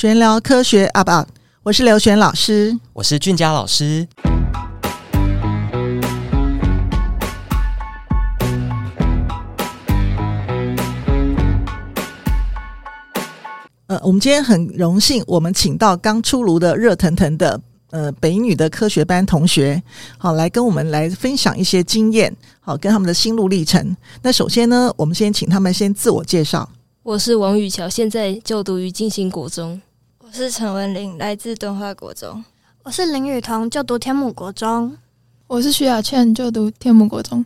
全聊科學 UP UP，我是劉璿老師，我是俊佳老師。呃，我們今天很榮幸，我們請到剛出爐的熱騰騰的呃北一女的科學班同學，好，來跟我們來分享一些經驗，好跟他們的心路歷程。那首先呢，我們先請他們先自我介紹。我是王禹喬，現在就讀於靜心國中。我是陳玟霖，來自敦化國中。我是林禹彤，就讀天母國中。我是許雅茜，就讀天母國中。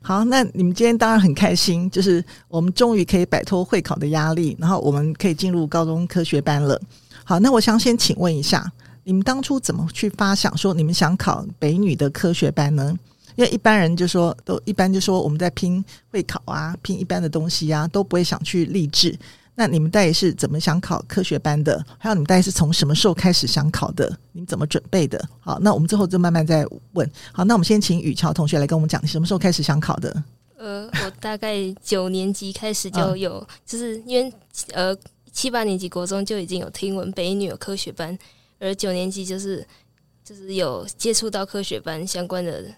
好，那你們今天當然很開心，就是我們終於可以擺脫會考的壓力，然後我們可以進入高中科學班了。好，那我想先請問一下，你們當初怎麼去發想說你們想考北女的科學班呢？因為一般人就說，都一般就說我們在拼會考啊，拼一般的東西呀，啊，都不會想去立志。那你們大概是怎麼想考科學班的？還有你們大概是從什麼時候開始想考的？你們怎麼準備的？好，那我們最後就慢慢再問。好，那我們先請禹喬同學來跟我們講，你什麼時候開始想考的？呃，我大概九年級開始就有， 就是因為呃七八年級國中就已經有聽聞北女有科學班，而九年級就是就是有接觸到科學班相關的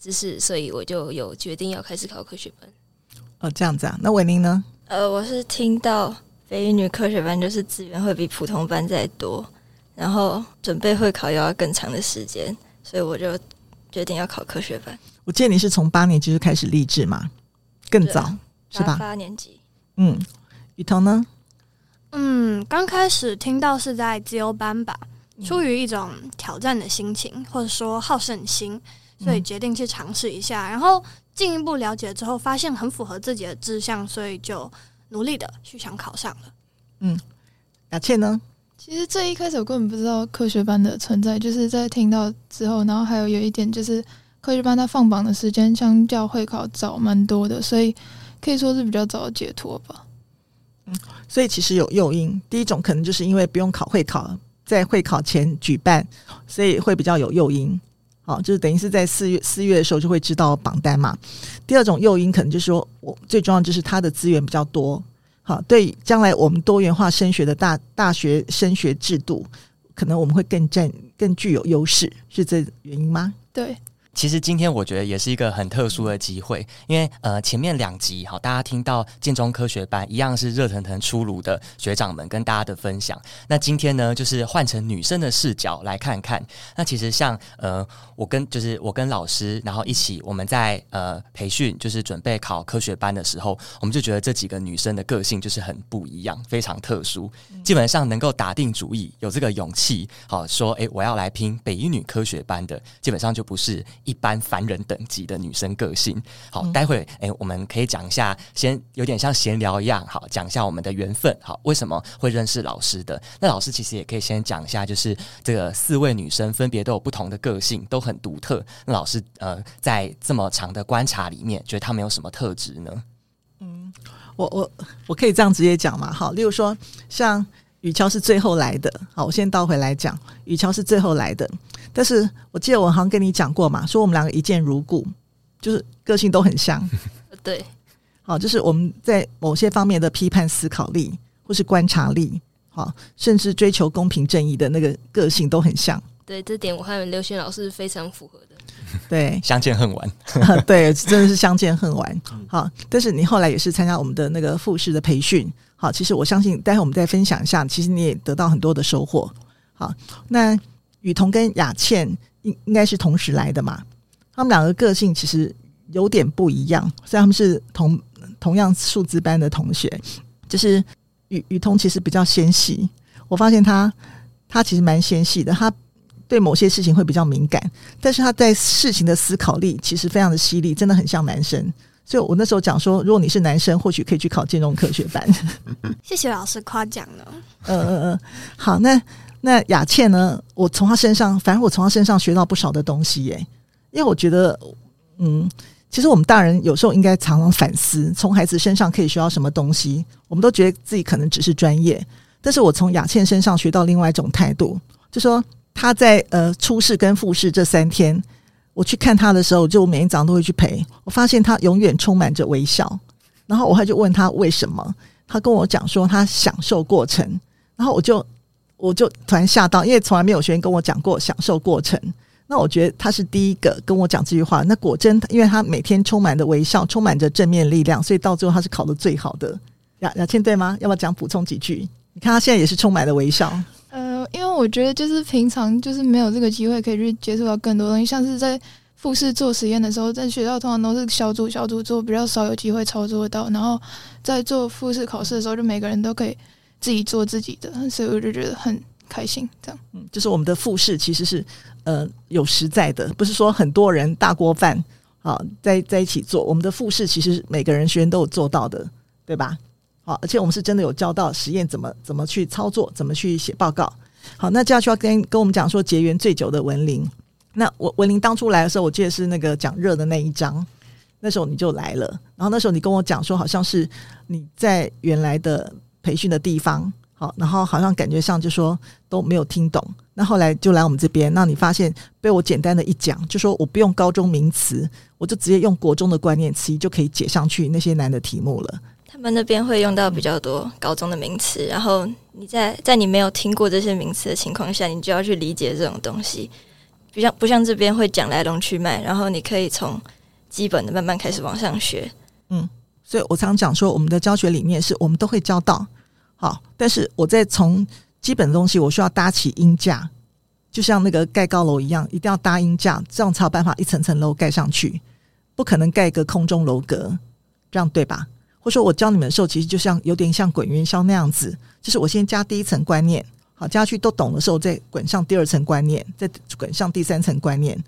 知識，所以我就有決定要開始考科學班。哦、呃，這樣子啊。那玟霖呢？呃，我是聽到北一女科學班就是資源會比普通班再多，然後準備會考要更長的時間，所以我就決定要考科學班。我記得你是從八年級就開始立志嘛，更早是吧？八,八年級。嗯，雨桐呢？嗯，剛開始聽到是在自由班吧，嗯、出於一種挑戰的心情，或者說好勝心，所以決定去嘗試一下，嗯、然後。進一步了解之後，發現很符合自己的志向，所以就努力的去想考上了。嗯，雅茜呢？其實最一開始我根本不知道科學班的存在，就是在聽到之後，然後還有有一點就是科學班它放榜的時間相較會考早蠻多的，所以可以說是比較早解脫吧。嗯，所以其實有誘因，第一種可能就是因為不用考會考，在會考前舉辦，所以會比較有誘因。好，就是等於是在四月四月的時候就會知道榜單嘛。第二種誘因可能就是說，我最重要就是它的資源比較多。好，對將來我們多元化升學的大大學升學制度，可能我們會更佔更具有優勢，是這原因嗎？對。其實今天我覺得也是一個很特殊的機會，嗯，因為呃前面兩集哈，大家聽到建中科學班一樣是熱騰騰出爐的學長們跟大家的分享。那今天呢，就是換成女生的視角來看看。那其實像呃我跟就是我跟老師，然後一起我們在呃培訓，就是準備考科學班的時候，我們就覺得這幾個女生的個性就是很不一樣，非常特殊。嗯，基本上能夠打定主意有這個勇氣，好說誒，欸，我要來拼北一女科學班的，基本上就不是。一般凡人等級的女生個性，好，待會誒、欸，我們可以講一下。先有點像閒聊一樣，好，講一下我們的緣分，好，為什麼會認識老師的？那老師其實也可以先講一下，就是這個四位女生分別都有不同的個性，都很獨特。那老師呃，在這麼長的觀察裡面，覺得她們有什麼特質呢？嗯，我我我可以這樣直接講嘛？好，例如說，像禹喬是最後來的，好，我先倒回來講，禹喬是最後來的。但是我記得我好像跟你講過嘛，說我們兩個一見如故，就是個性都很像。對，好，就是我們在某些方面的批判思考力，或是觀察力，好，甚至追求公平正義的那個個性都很像。對，這點我和劉璿老師非常符合的。對，相見恨晚、 啊。對，真的是相見恨晚。好，但是你後來也是參加我們的那個複試的培訓。好，其實我相信，待會我們再分享一下，其實你也得到很多的收穫。好，那。禹彤跟雅茜應應該是同時來的嘛？他們兩個個性其實有點不一樣，雖然他們是同同樣數資班的同學，就是禹禹彤其實比較纖細，我發現他他其實蠻纖細的，他對某些事情會比較敏感，但是他在事情的思考力其實非常的犀利，真的很像男生。所以我那時候講說，如果你是男生，或許可以去考建中科學班。謝謝老師誇獎了。嗯嗯嗯，好，那。那雅茜呢？我從她身上，反正我從她身上學到不少的東西耶。因為我覺得，嗯，其實我們大人有時候應該常常反思，從孩子身上可以學到什麼東西。我們都覺得自己可能只是專業，但是我從雅茜身上學到另外一種態度，就說她在呃初試跟複試這三天，我去看她的時候，就我每天早上都會去陪。我發現她永遠充滿着微笑，然後我還就問她為什麼，她跟我講說她享受過程，然後我就。我就突然嚇到，因為從來沒有學員跟我講過享受過程。那我覺得他是第一個跟我講這句話。那果真，因為他每天充滿的微笑，充滿着正面力量，所以到最後他是考得最好的。雅雅茜，對嗎？要不要講補充幾句？你看他現在也是充滿了微笑。呃，因為我覺得就是平常就是沒有這個機會可以去接觸到更多東西，像是在複試做實驗的時候，在學校通常都是小組小組做，比較少有機會操作到。然後在做複試考試的時候，就每個人都可以。自己做自己的，所以我就覺得很開心。這樣，嗯，就是我們的複試其實是呃有實在的，不是說很多人大鍋飯，好在在一起做。我們的複試其實每個人學員都有做到的，對吧？好，而且我們是真的有教到實驗怎麼怎麼去操作，怎麼去寫報告。好，那接下去要跟跟我們講說結緣最久的玟霖。那我玟霖當初來的時候，我記得是那個講熱的那一章，那時候你就來了。然後那時候你跟我講說，好像是你在原來的。培訓的地方，好，然後好像感覺上就說都沒有聽懂，那後來就來我們這邊，那你發現被我簡單的一講，就說我不用高中名詞，我就直接用國中的觀念詞就可以解上去那些難的題目了。他們那邊會用到比較多高中的名詞，然後你在在你沒有聽過這些名詞的情況下，你就要去理解這種東西，不像不像這邊會講來龍去脈，然後你可以從基本的慢慢開始往上學，嗯。所以我常常講說，我們的教學理念是我們都會教到，好。但是我在從基本的東西，我需要搭起鷹架，就像那個蓋高樓一樣，一定要搭鷹架，這樣才有辦法一層層樓蓋上去，不可能蓋一個空中樓閣，這樣對吧？或者說，我教你們的時候，其實就像有點像滾元宵那樣子，就是我先加第一層觀念，好，加下去都懂的時候，再滾上第二層觀念，再滾上第三層觀念。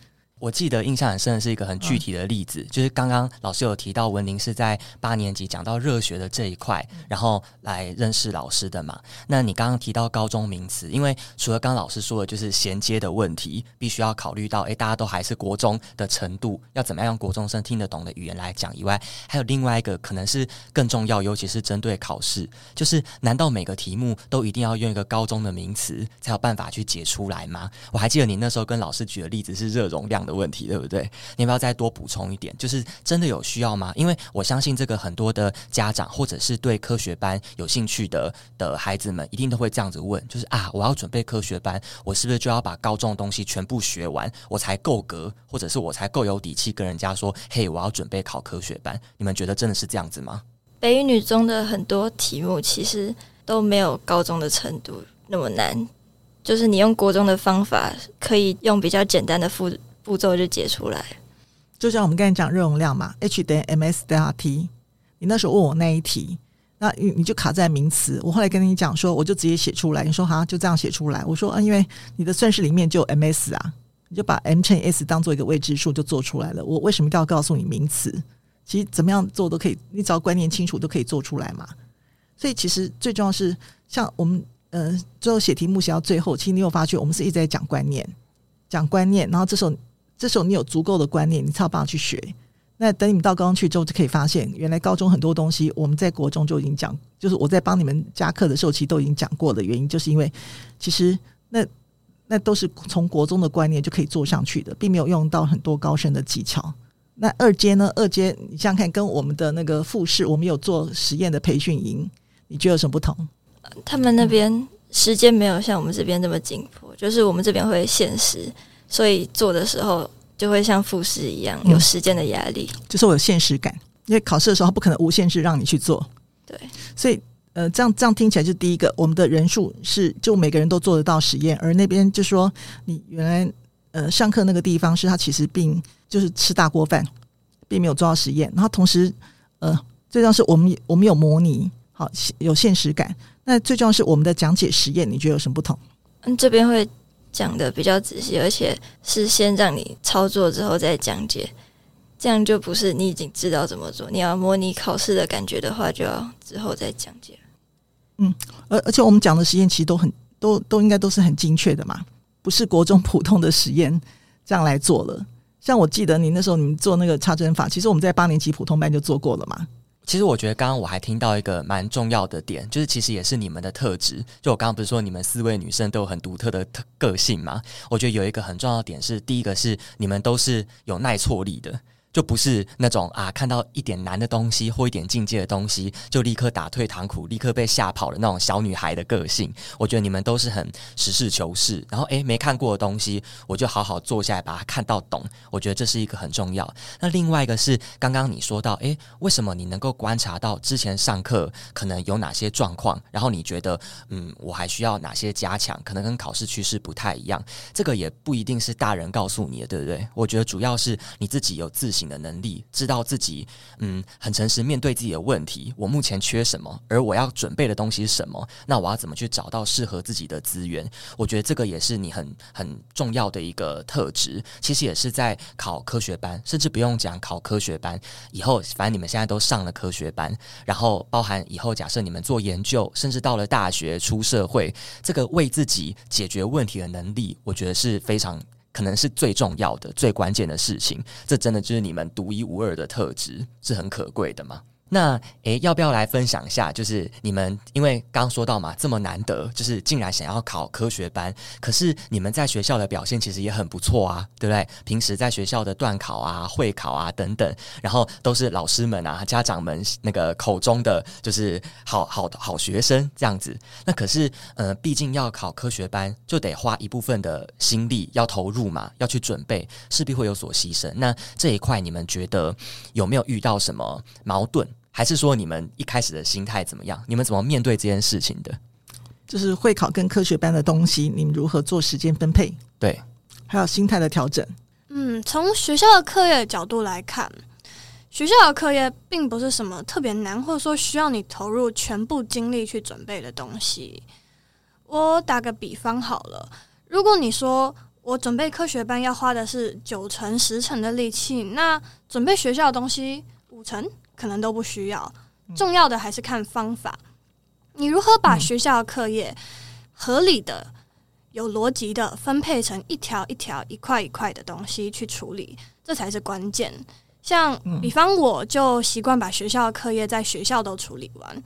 我記得印象很深的是一個很具體的例子，就是剛剛老師有提到玟霖是在八年級講到熱學的這一塊，然後來認識老師的嘛。那你剛剛提到高中名詞，因為除了剛老師說的，就是銜接的問題，必須要考慮到，哎、欸，大家都還是國中的程度，要怎麼樣讓國中生聽得懂的語言來講以外，還有另外一個可能是更重要，尤其是針對考試，就是難道每個題目都一定要用一個高中的名詞才有辦法去解出來嗎？我還記得你那時候跟老師舉的例子是熱容量。的問題對不對？你要不要再多補充一點，就是真的有需要嗎？因為我相信這個很多的家長或者是對科學班有興趣的的孩子們，一定都會這樣子問，就是啊，我要準備科學班，我是不是就要把高中的東西全部學完，我才夠格，或者是我才夠有底氣跟人家說，嘿，我要準備考科學班？你們覺得真的是這樣子嗎？北一女中的很多題目其實都沒有高中的程度那麼難，就是你用國中的方法，可以用比較簡單的複。步驟就解出來，就像我們剛才講熱容量嘛，H 等於 m s 德爾 t。你那時候問我那一題，那你你就卡在名詞。我後來跟你講說，我就直接寫出來。你說哈，就這樣寫出來。我說啊，因為你的算式裡面就 m s 啊，你就把 m 乘 s 當做一個未知數就做出來了。我為什麼都要告訴你名詞？其實怎麼樣做都可以，你只要觀念清楚都可以做出來嘛。所以其實最重要是像我們呃，最後寫題目寫到最後，其實你有發覺我們是一直在講觀念，講觀念，然後這時候。這時候你有足夠的觀念，你才有辦法去學。那等你們到高中去之後，就可以發現原來高中很多東西我們在國中就已經講，就是我在幫你們加課的時候，其實都已經講過的原因，就是因為其實那那都是從國中的觀念就可以做上去的，並沒有用到很多高深的技巧。那二階呢？二階你想想看，跟我們的那個複試，我們有做實驗的培訓營，你覺得有什麼不同？他們那邊時間沒有像我們這邊這麼緊迫。嗯，就是我們這邊會限時。所以做的時候就會像複試一樣有時間的壓力、嗯，就是我有限時感，因為考試的時候不可能無限制讓你去做。對，所以呃，這樣這樣聽起來就是第一個，我們的人數是就每個人都做得到實驗，而那邊就是說你原來呃上課那個地方是他其實並就是吃大鍋飯，並沒有做到實驗。然後同時呃最重要是我們我們有模擬，好有限時感。那最重要是我們的講解實驗，你覺得有什麼不同？嗯，這邊會。講的比較仔細，而且是先讓你操作之後再講解，這樣就不是你已經知道怎麼做。你要模擬考試的感覺的話，就要之後再講解。嗯，而而且我們講的實驗其實都很都都應該都是很精確的嘛，不是國中普通的實驗這樣來做了。像我記得你那時候你們做那個插針法，其實我們在八年級普通班就做過了嘛。其實我覺得，剛剛我還聽到一個蠻重要的點，就是其實也是你們的特質。就我剛剛不是說你們四位女生都有很獨特的特個性嗎？我覺得有一個很重要的點是，第一個是你們都是有耐挫力的。就不是那種啊，看到一點難的東西或一點進階的東西，就立刻打退堂鼓、立刻被嚇跑的那種小女孩的個性。我覺得你們都是很實事求是。然後，誒，沒看過的東西，我就好好坐下來把它看到懂。我覺得這是一個很重要。那另外一個是，剛剛你說到，誒，為什麼你能夠觀察到之前上課可能有哪些狀況？然後你覺得，嗯，我還需要哪些加強？可能跟考試趨勢不太一樣。這個也不一定是大人告訴你的，對不對？我覺得主要是你自己有自省。的能力，知道自己嗯很誠實面對自己的問題，我目前缺什麼，而我要準備的東西是什麼，那我要怎麼去找到適合自己的資源？我覺得這個也是你很很重要的一個特質。其實也是在考科學班，甚至不用講考科學班，以後反正你們現在都上了科學班，然後包含以後假設你們做研究，甚至到了大學出社會，這個為自己解決問題的能力，我覺得是非常。可能是最重要的、最關鍵的事情，這真的就是你們獨一無二的特質，是很可貴的嗎？那誒，要不要來分享一下？就是你們，因為剛剛說到嘛，這麼難得，就是竟然想要考科學班。可是你們在學校的表現其實也很不錯啊，對不對？平時在學校的段考啊、會考啊等等，然後都是老師們啊、家長們那個口中的就是好好好學生這樣子。那可是，嗯、呃，畢竟要考科學班，就得花一部分的心力要投入嘛，要去準備，勢必會有所犧牲。那這一塊，你們覺得有沒有遇到什麼矛盾？還是說你們一開始的心態怎麼樣？你們怎麼面對這件事情的？就是會考跟科學班的東西，你們如何做時間分配？對，還有心態的調整。嗯，從學校的課業角度來看，學校的課業並不是什麼特別難，或者說需要你投入全部精力去準備的東西。我打個比方好了，如果你說我準備科學班要花的是九成、十成的力氣，那準備學校的東西五成。可能都不需要，重要的還是看方法。你如何把學校的課業合理的、有邏輯的分配成一條一條、一塊一塊的東西去處理，這才是關鍵。像比方，我就習慣把學校的課業在學校都處理完，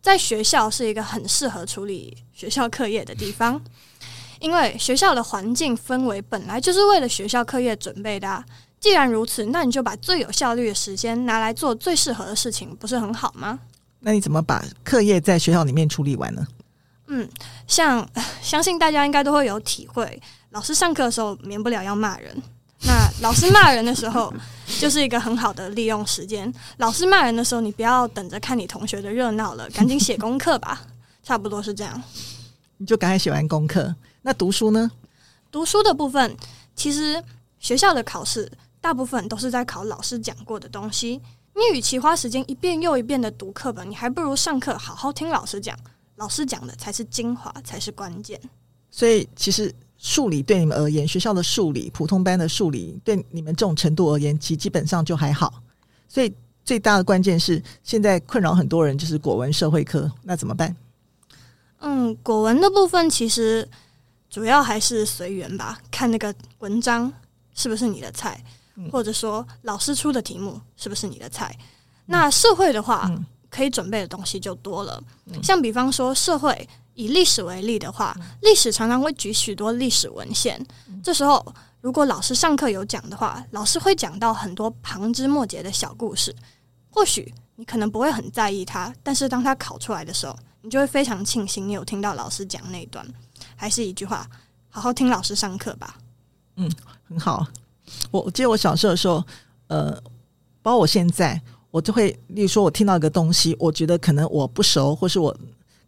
在學校是一個很適合處理學校課業的地方，因為學校的環境氛圍本來就是為了學校課業準備的啊。既然如此，那你就把最有效率的時間拿來做最適合的事情，不是很好嗎？那你怎麼把課業在學校裡面處理完呢？嗯，像相信大家應該都會有體會，老師上課的時候免不了要罵人。那老師罵人的時候， 就是一個很好的利用時間。老師罵人的時候，你不要等着看你同學的熱鬧了，趕緊寫功課吧。 差不多是這樣，你就趕快寫完功課。那讀書呢？讀書的部分，其實學校的考試。大部分都是在考老師講過的東西。你與其花時間一遍又一遍地讀課本，你還不如上課好好聽老師講。老師講的才是精華，才是關鍵。所以，其實數理對你們而言，學校的數理、普通班的數理，對你們這種程度而言，其基本上就還好。所以，最大的關鍵是現在困擾很多人就是國文、社會科，那怎麼辦？嗯，國文的部分其實主要還是隨緣吧，看那個文章是不是你的菜。或者說老師出的題目是不是你的菜？嗯、那社會的話、嗯，可以準備的東西就多了。嗯、像比方說社會，以歷史為例的話，歷、嗯、史常常會舉許多歷史文獻、嗯。這時候，如果老師上課有講的話，老師會講到很多旁枝末節的小故事。或許你可能不會很在意它，但是當它考出來的時候，你就會非常慶幸你有聽到老師講那一段。還是一句話，好好聽老師上課吧。嗯，很好。我我記得我小時候的時候，呃，包括我現在，我就會，例如說，我聽到一個東西，我覺得可能我不熟，或是我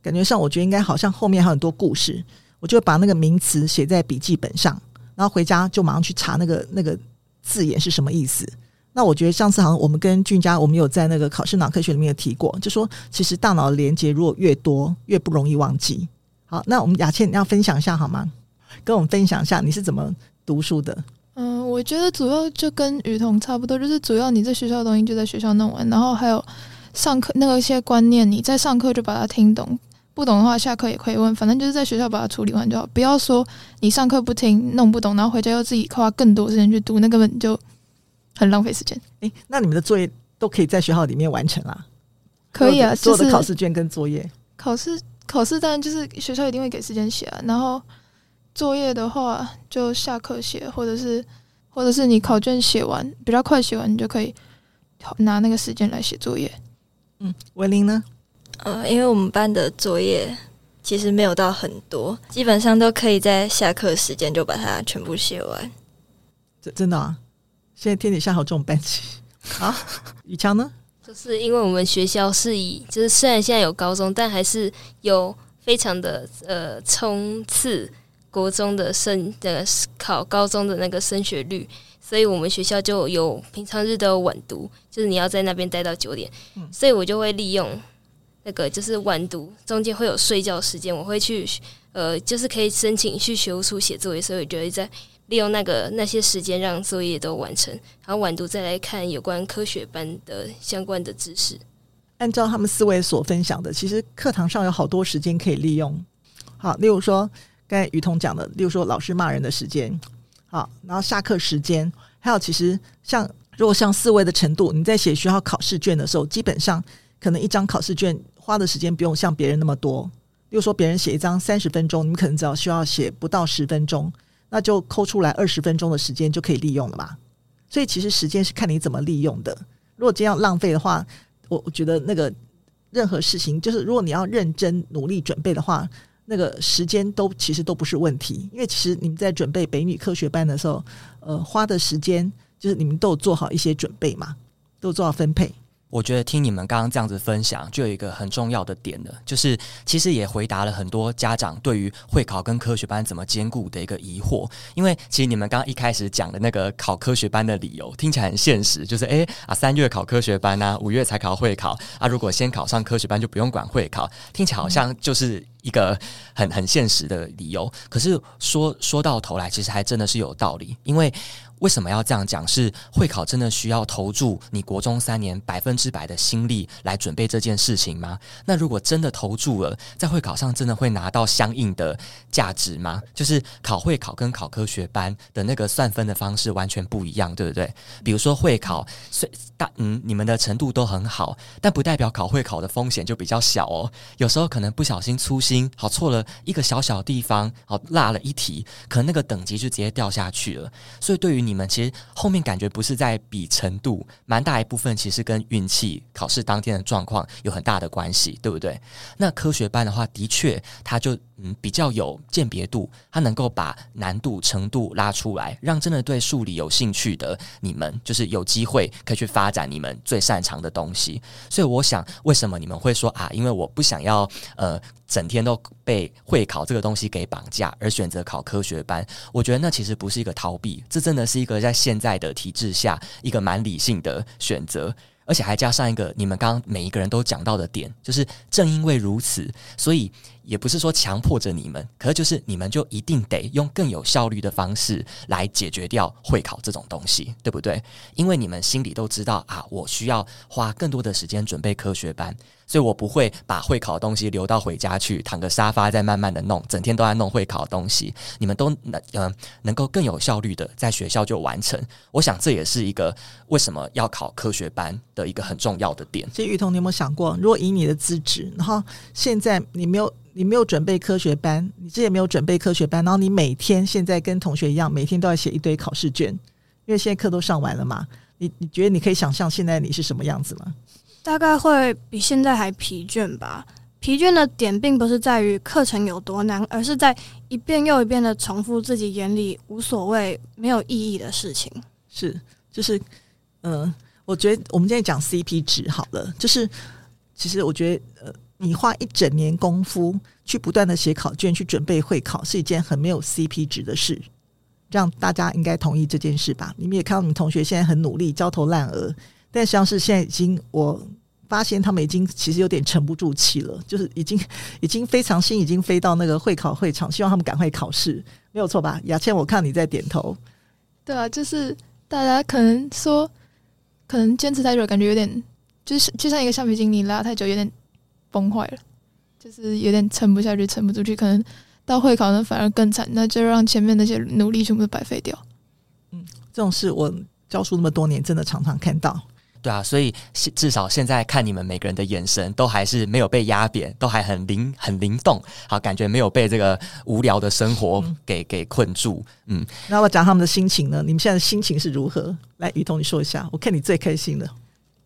感覺上，我覺得應該好像後面還有很多故事，我就會把那個名詞寫在筆記本上，然後回家就馬上去查那個那個字眼是什麼意思。那我覺得上次好像我們跟俊佳，我們有在那個考試腦科學裡面有提過，就說其實大腦的連接如果越多，越不容易忘記。好，那我們雅茜你要分享一下好嗎？跟我們分享一下你是怎麼讀書的。嗯，我覺得主要就跟禹彤差不多，就是主要你在學校的東西就在學校弄完，然後還有上課那個一些觀念，你在上課就把它聽懂，不懂的話下課也可以問，反正就是在學校把它處理完就好。不要說你上課不聽，弄不懂，然後回家又自己花更多時間去讀，那根本就很浪費時間。哎、欸，那你們的作業都可以在學校裡面完成啊？可以啊，做的考試卷跟作業，就是、考試考試當然就是學校一定會給時間寫啊，然後。作業的話，就下課寫，或者是，或者是你考卷寫完比較快寫完，你就可以拿那個時間來寫作業。嗯，玟霖呢？呃，因為我們班的作業其實沒有到很多，基本上都可以在下課時間就把它全部寫完。真真的啊！現在天底下還有這種班級 啊？禹喬呢？就是因為我們學校是以，就是雖然現在有高中，但還是有非常的呃衝刺。國中的升的考高中的那個升學率，所以我們學校就有平常日都有晚讀，就是你要在那邊待到九點。所以我就會利用那個就是晚讀中間會有睡覺時間，我會去呃，就是可以申請去學務處寫作業，所以我就會在利用那個那些時間讓作業都完成，然後晚讀再來看有關科學班的相關的知識。按照他們四位所分享的，其實課堂上有好多時間可以利用。好，例如說。剛才禹彤講的，例如說老師罵人的時間，好，然後下課時間，還有其實像如果像思維的程度，你在寫學校考試卷的時候，基本上可能一張考試卷花的時間不用像別人那麼多。例如說別人寫一張三十分鐘，你可能只要需要寫不到十分鐘，那就摳出來二十分鐘的時間就可以利用了吧。所以其實時間是看你怎麼利用的。如果這樣浪費的話，我我覺得那個任何事情，就是如果你要認真努力準備的話，那個時間都其實都不是問題，因為其實你們在準備北一女科學班的時候，呃，花的時間就是你們都有做好一些準備嘛，都有做好分配。我覺得聽你們剛剛這樣子分享，就有一個很重要的點呢，就是其實也回答了很多家長對於會考跟科學班怎麼兼顧的一個疑惑。因為其實你們剛剛一開始講的那個考科學班的理由，聽起來很現實，就是哎、欸、啊三月考科學班啊，五月才考會考啊，如果先考上科學班就不用管會考，聽起來好像就是一個很很現實的理由。可是說說到頭來，其實還真的是有道理，因為。為什麼要這樣講？是會考真的需要投注你國中三年百分之百的心力來準備這件事情嗎？那如果真的投注了，在會考上真的會拿到相應的價值嗎？就是考會考跟考科學班的那個算分的方式完全不一樣，對不對？比如說會考雖大，嗯，你們的程度都很好，但不代表考會考的風險就比較小哦。有時候可能不小心粗心，好，錯了一個小小地方，好，落了一題，可能那個等級就直接掉下去了。所以對於你們其實後面感覺不是在比程度，蠻大一部分其實跟運氣、考試當天的狀況有很大的關係，對不對？那科學班的話，的確，它就嗯比較有鑑別度，它能夠把難度、程度拉出來，讓真的對數理有興趣的你們，就是有機會可以去發展你們最擅長的東西。所以我想，為什麼你們會說啊？因為我不想要呃。整天都被會考這個東西給綁架，而選擇考科學班，我覺得那其實不是一個逃避，這真的是一個在現在的體制下一個蠻理性的選擇，而且還加上一個你們剛剛每一個人都講到的點，就是正因為如此，所以也不是說強迫着你們，可就是你們就一定得用更有效率的方式來解決掉會考這種東西，對不對？因為你們心裡都知道啊，我需要花更多的時間準備科學班。所以我不會把會考的東西留到回家去，躺個沙發再慢慢的弄，整天都在弄會考的東西。你們都能嗯、呃，能夠更有效率的在學校就完成。我想這也是一個為什麼要考科學班的一個很重要的點。所以禹彤，你有沒有想過，如果以你的資質，然後現在你沒有你沒有準備科學班，你之前沒有準備科學班，然後你每天現在跟同學一樣，每天都要寫一堆考試卷，因為現在課都上完了嘛。你你覺得你可以想象現在你是什麼樣子嗎？大概會比現在還疲倦吧。疲倦的點並不是在於課程有多難，而是在一遍又一遍的重複自己眼裡無所謂、沒有意義的事情。是，就是，嗯、呃，我覺得我們今天講 CP 值好了，就是其實我覺得，呃，你花一整年功夫去不斷的寫考卷、去準備會考，是一件很沒有 CP 值的事。讓大家應該同意這件事吧。你們也看到，你們同學現在很努力、焦頭爛額，但實際上是現在已經我。發現他們已經其實有點沉不住氣了，就是已經已經非常心已經飛到那個會考會場，希望他們趕快考試，沒有錯吧？雅茜，我看你在點頭。對啊，就是大家可能說，可能堅持太久，感覺有點就是就像一個橡皮筋，你拉太久有點崩壞了，就是有點撐不下去、撐不住去。可能到會考呢，反而更慘，那就讓前面那些努力全部都白費掉。嗯，這種事我教書那麼多年，真的常常看到。對啊，所以至少現在看你們每個人的眼神，都還是沒有被壓扁，都還很靈，很靈動，好，感覺沒有被這個無聊的生活給、嗯、給困住。嗯，那我講他們的心情呢？你們現在的心情是如何？來，禹彤你說一下，我看你最開心的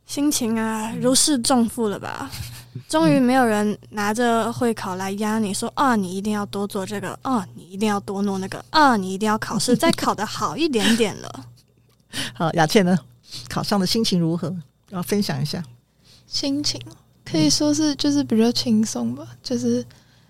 心情啊，如釋重負了吧、嗯？終於沒有人拿着會考來壓你說啊、嗯哦，你一定要多做這個啊、哦，你一定要多弄那個啊、哦，你一定要考試， 再考得好一點點了。好，雅茜呢？考上的心情如何？然後分享一下。心情可以說是就是比較輕鬆吧、嗯，就是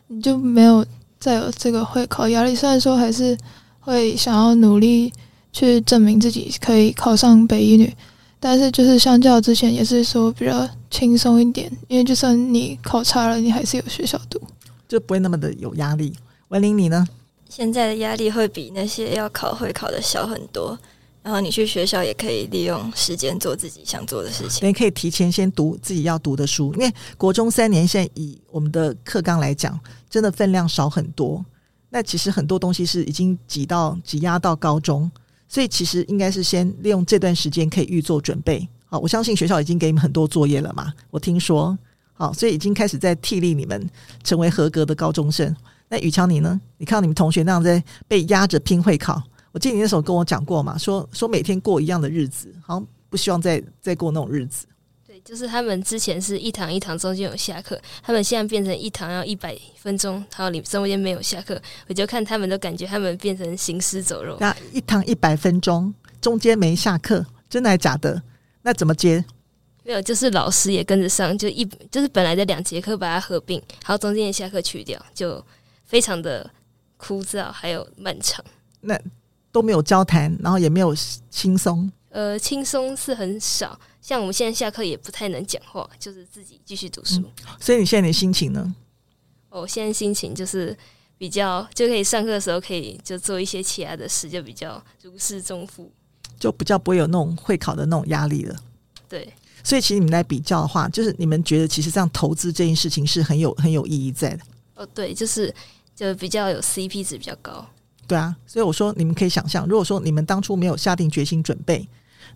你就沒有再有這個會考壓力。雖然說還是會想要努力去證明自己可以考上北一女，但是就是相較之前也是說比較輕鬆一點。因為就算你考差了，你還是有學校讀，就不會那麼的有壓力。玟霖，你呢？現在的壓力會比那些要考會考的小很多。然後你去學校也可以利用時間做自己想做的事情，你可以提前先讀自己要讀的書，因為國中三年現在以我們的課綱來講，真的分量少很多。那其實很多東西是已經擠到擠壓到高中，所以其實應該是先利用這段時間可以預做準備。好，我相信學校已經給你們很多作業了嘛。我聽說，好，所以已經開始在替力你們成為合格的高中生。那禹喬你呢？你看到你們同學那樣在被壓着拼會考，我記得你那時候跟我講過嘛，說說每天過一樣的日子，好像不希望再再過那種日子。對，就是他們之前是一堂一堂中間有下課，他們現在變成一堂要一百分鐘，然後，中間沒有下課，我就看他們都感覺他們變成行屍走肉。那一堂一百分鐘中間沒下課，真的還假的？那怎麼接？沒有，就是老師也跟着上，就一就是本來的兩節課把它合併，還有中間下課去掉，就非常的枯燥還有漫長。那都沒有交談，然後也沒有輕鬆。呃，輕鬆是很少，像我們現在下課也不太能講話，就是自己繼續讀書。嗯。所以你現在你的心情呢？哦，現在心情就是比較，就可以上課的時候可以就做一些其他的事，就比較如釋重負，就比較不會有那種會考的那種壓力了。對，所以其實你們來比較的話，就是你們覺得其實這樣投資這件事情是很有很有意義在的。哦，對，就是就比較有 CP 值比較高。對啊，所以我說你們可以想象，如果說你們當初沒有下定決心準備，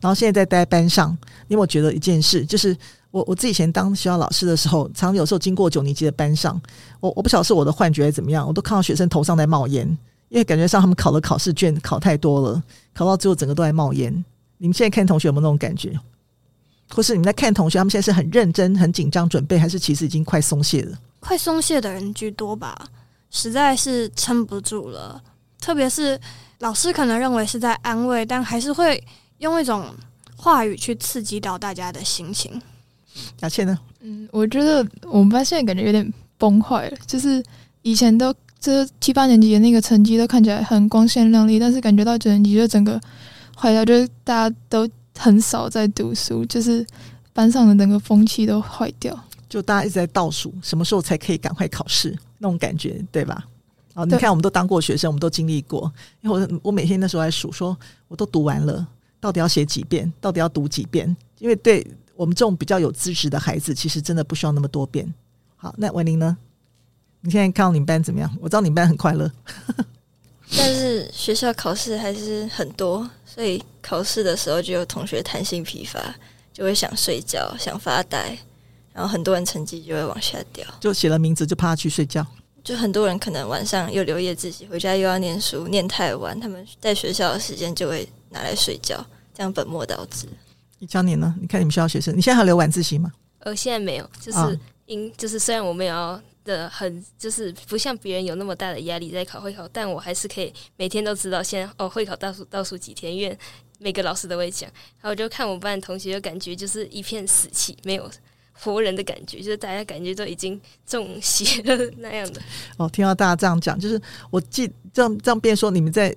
然後現在在待班上，你有沒有覺得一件事就是我，我我自己以前當學校老師的時候，常常有時候經過九年級的班上，我我不曉得是我的幻覺還是怎麼樣，我都看到學生頭上在冒煙，因為感覺上他們考了考試卷考太多了，考到最後整個都在冒煙。你們現在看同學有沒有那種感覺？或是你們在看同學，他們現在是很認真、很緊張準備，還是其實已經快鬆懈了？快鬆懈的人居多吧，實在是撐不住了。特別是老師可能認為是在安慰，但還是會用一種話語去刺激到大家的心情。雅茜呢？嗯，我覺得我們班現在感覺有點崩壞了。就是以前都這、就是、七八年級的那個成績都看起來很光鮮亮麗，但是感覺到九年級就整個壞掉，就是大家都很少在讀書，就是班上的整個風氣都壞掉，就大家一直在倒數，什麼時候才可以趕快考試那種感覺，對吧？啊！你看，我們都當過學生，我們都經歷過。因為我，我我每天那時候還數，說我都讀完了，到底要寫幾遍，到底要讀幾遍。因為對，對我們這種比較有資質的孩子，其實真的不需要那麼多遍。好，那玟霖呢？你現在看到你們班怎麼樣？我知道你們班很快樂， 但是學校考試還是很多，所以考試的時候就有同學彈性疲乏，就會想睡覺，想發呆，然後很多人成績就會往下掉。就寫了名字，就怕他去睡覺。就很多人可能晚上又留夜自習，回家又要念書念太晚，他們在學校的時間就會拿來睡覺，這樣本末倒置。你教你呢？你看你們學校學生，你現在還留晚自習嗎？呃，現在沒有，就是因、哦、就是雖然我也要的很，就是不像別人有那麼大的壓力在考會考，但我還是可以每天都知道現在哦會考倒數倒數幾天，因為每個老師都會講。然後就看我們班的同學，就感覺就是一片死氣，沒有。活人的感覺，就是大家感覺都已經中邪了那樣的。哦，聽到大家這樣講，就是我記得這樣這樣變說，你們在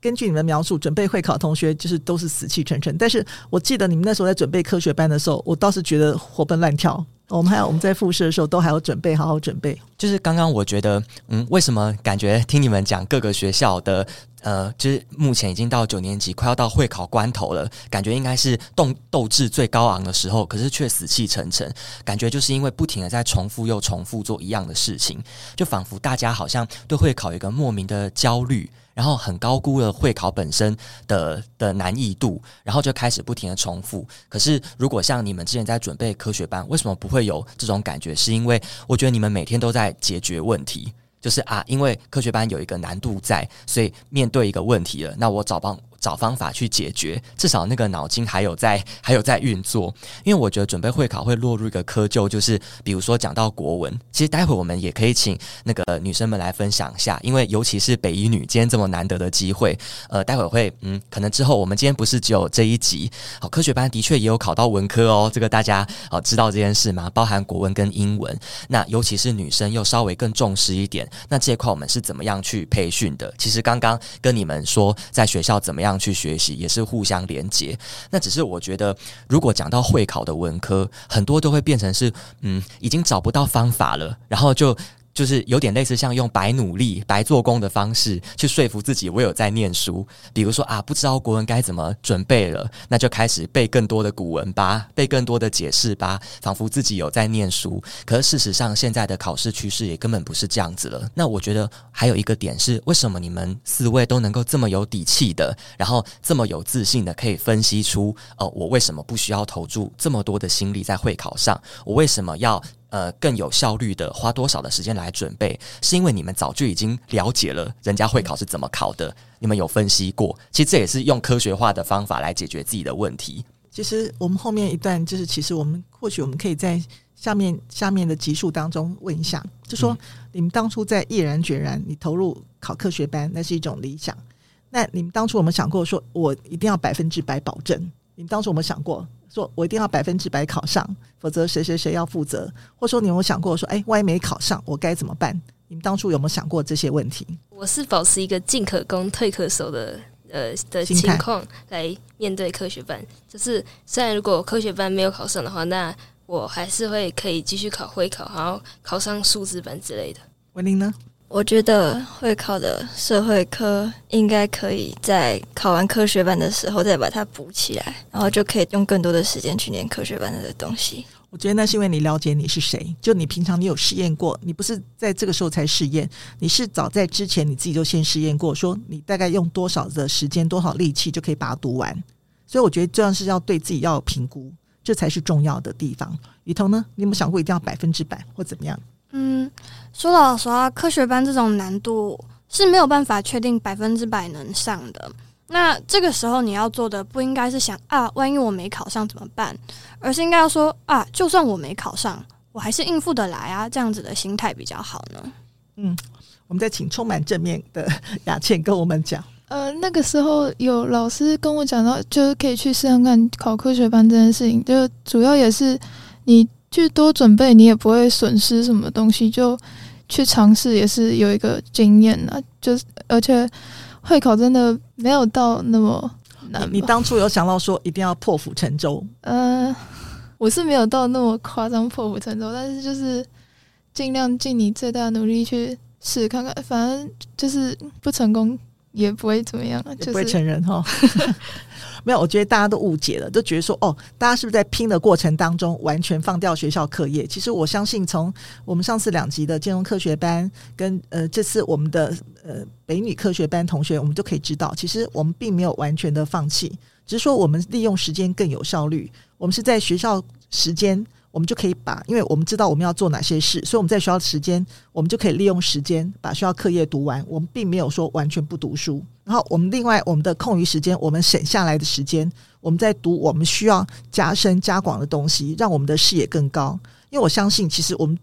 根據你們的描述準備會考的同學，就是都是死氣沉沉。但是我記得你們那時候在準備科學班的時候，我倒是覺得活蹦亂跳。我們還有我們在複試的時候，都還要準備，好好準備。就是剛剛我覺得，嗯，為什麼感覺聽你們講各個學校的？呃，就是目前已經到九年級，快要到會考關頭了，感覺應該是動鬥志最高昂的時候，可是卻死氣沉沉，感覺就是因為不停的在重複又重複做一樣的事情，就仿佛大家好像對會考有一個莫名的焦慮，然後很高估了會考本身的的難易度，然後就開始不停的重複。可是如果像你們之前在準備科學班，為什麼不會有這種感覺？是因為我覺得你們每天都在解決問題。就是啊，因為科學班有一個難度在，所以面對一個問題了，那我找幫。找方法去解決，至少那個腦筋還有在，還有在運作。因為我覺得準備會考會落入一個窠臼，就是比如說講到國文，其實待會我們也可以請那個女生們來分享一下，因為尤其是北一女今天這麼難得的機會，呃，待會會，嗯，可能之後我們今天不是只有這一集，好、哦，科學班的確也有考到文科哦，這個大家、哦、知道這件事嗎？包含國文跟英文，那尤其是女生又稍微更重視一點，那這一塊我們是怎麼樣去培訓的？其實剛剛跟你們說在學校怎麼樣。去學習也是互相連接，那只是我覺得，如果講到會考的文科，很多都會變成是，嗯，已經找不到方法了，然後就。就是有點類似像用白努力、白做工的方式去說服自己我有在念書，比如說啊，不知道國文該怎麼準備了，那就開始背更多的古文吧，背更多的解釋吧，仿佛自己有在念書。可是事實上，現在的考試趨勢也根本不是這樣子了。那我覺得還有一個點是，為什麼你們四位都能夠這麼有底氣的，然後這麼有自信的，可以分析出哦、呃，我為什麼不需要投注這麼多的心力在會考上，我為什麼要？呃，更有效率的花多少的時間來準備，是因為你們早就已經了解了人家會考是怎麼考的，你們有分析過。其實這也是用科學化的方法來解決自己的問題。其實我們後面一段就是，其實我們或許我們可以在下面下面的集數當中問一下，就說，嗯，你們當初在毅然決然你投入考科學班，那是一種理想。那你們當初有沒有想過，說我一定要百分之百保證？你們當初有沒有想過，說我一定要百分之百考上，否則誰誰誰要負責？或者說，你有沒有想過說，說、欸、哎，萬一沒考上，我該怎麼辦？你們當初有沒有想過這些問題？我是保持一個進可攻、退可守的呃的情況，來面對科學班。就是，雖然如果科學班沒有考上的話，那我還是會可以繼續考會考，然後考上數字班之類的。玟霖呢？我覺得會考的社會科應該可以在考完科學班的時候再把它補起來，然後就可以用更多的時間去念科學班的東西。我覺得那是因為你了解你是誰，就你平常你有試驗過，你不是在這個時候才試驗，你是早在之前你自己就先試驗過，說你大概用多少的時間、多少力氣就可以把它讀完。所以我覺得這樣是要對自己要有評估，這才是重要的地方。禹彤呢，你有沒有想過一定要百分之百或怎麼樣？說老實話，科學班這種難度是沒有辦法確定百分之百能上的。那這個時候你要做的不應該是想啊，萬一我沒考上怎麼辦？而是應該要說啊，就算我沒考上，我還是應付得來啊，這樣子的心態比較好呢。嗯，我們再請充滿正面的雅茜跟我們講。呃，那個時候有老師跟我講到，就是可以去試看看考科學班這件事情，就主要也是你去多準備，你也不會損失什麼東西。就去嘗試也是有一個經驗吶，就是而且會考真的沒有到那麼難，嗯。你當初有想到說一定要破釜沉舟？嗯、呃，我是沒有到那麼誇張破釜沉舟，但是就是盡量盡你最大努力去試看看，反正就是不成功也不會怎麼樣，就是不會承認哈。 沒有，我覺得大家都誤解了，都覺得說哦，大家是不是在拼的過程當中完全放掉學校課業？其實我相信，從我們上次兩集的建中科學班跟呃這次我們的呃北女科學班同學，我們就可以知道，其實我們並沒有完全的放棄，只是說我們利用時間更有效率。我們是在學校時間，我們就可以把，因為我們知道我們要做哪些事，所以我們在學校的時間，我們就可以利用時間把學校課業讀完。我們並沒有說完全不讀書。然後我們另外我們的空餘時間，我們省下來的時間，我們在讀我們需要加深加廣的東西，讓我們的視野更高。因為我相信，其實我們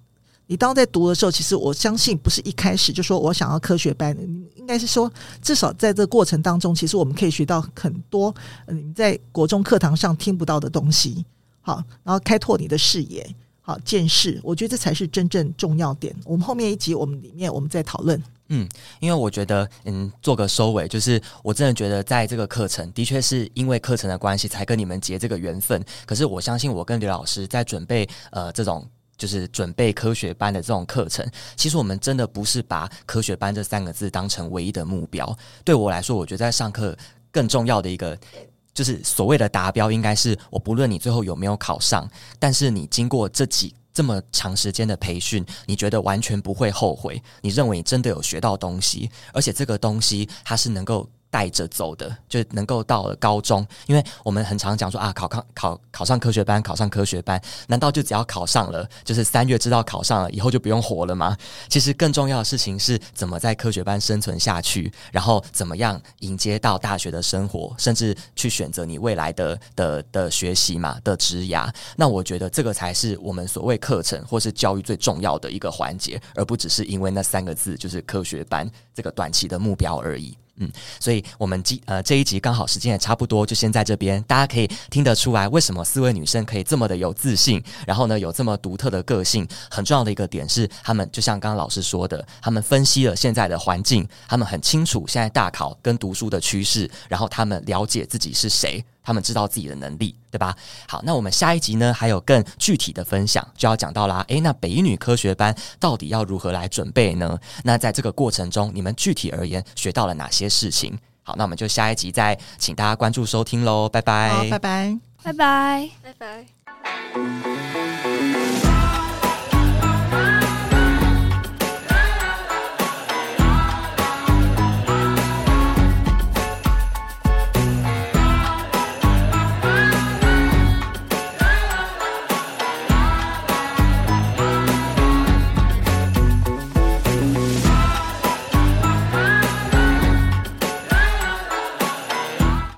你當在讀的時候，其實我相信不是一開始就說我想要科學班，應該是說至少在這個過程當中，其實我們可以學到很多你、嗯、在國中課堂上聽不到的東西。好，然後開拓你的視野，好見識，我覺得這才是真正重要點。我們後面一集我們裡面我們再討論。嗯，因為我覺得，嗯，做個收尾，就是我真的覺得，在這個課程，的確是因為課程的關係，才跟你們結這個緣分。可是我相信，我跟劉老師在準備，呃，這種就是準備科學班的這種課程，其實我們真的不是把科學班這三個字當成唯一的目標。對我來說，我覺得在上課更重要的一個，就是所謂的達標，應該是我不論你最後有沒有考上，但是你經過這幾。這麼長時間的培訓，你覺得完全不會後悔？你認為你真的有學到東西，而且這個東西它是能夠帶着走的，就能夠到高中。因為我們很常講說啊，考考考考上科學班，考上科學班，難道就只要考上了，就是三月知道考上了以後就不用活了嗎？其實更重要的事情是怎麼在科學班生存下去，然後怎麼樣迎接到大學的生活，甚至去選擇你未來的的的學習嘛的職涯。那我覺得這個才是我們所謂課程或是教育最重要的一個環節，而不只是因為那三個字，就是科學班這個短期的目標而已。嗯，所以我們今呃這一集剛好時間也差不多，就先在這邊。大家可以聽得出來，為什麼四位女生可以這麼的有自信，然後呢，有這麼獨特的個性。很重要的一個點是，她們就像剛剛老師說的，她們分析了現在的環境，她們很清楚現在大考跟讀書的趨勢，然後她們了解自己是誰。他們知道自己的能力，對吧？好，那我們下一集呢，還有更具體的分享就要講到啦。誒，那北一女科學班到底要如何來準備呢？那在這個過程中，你們具體而言學到了哪些事情？好，那我們就下一集再請大家關注收聽嘍，拜拜，拜拜，拜拜，拜拜。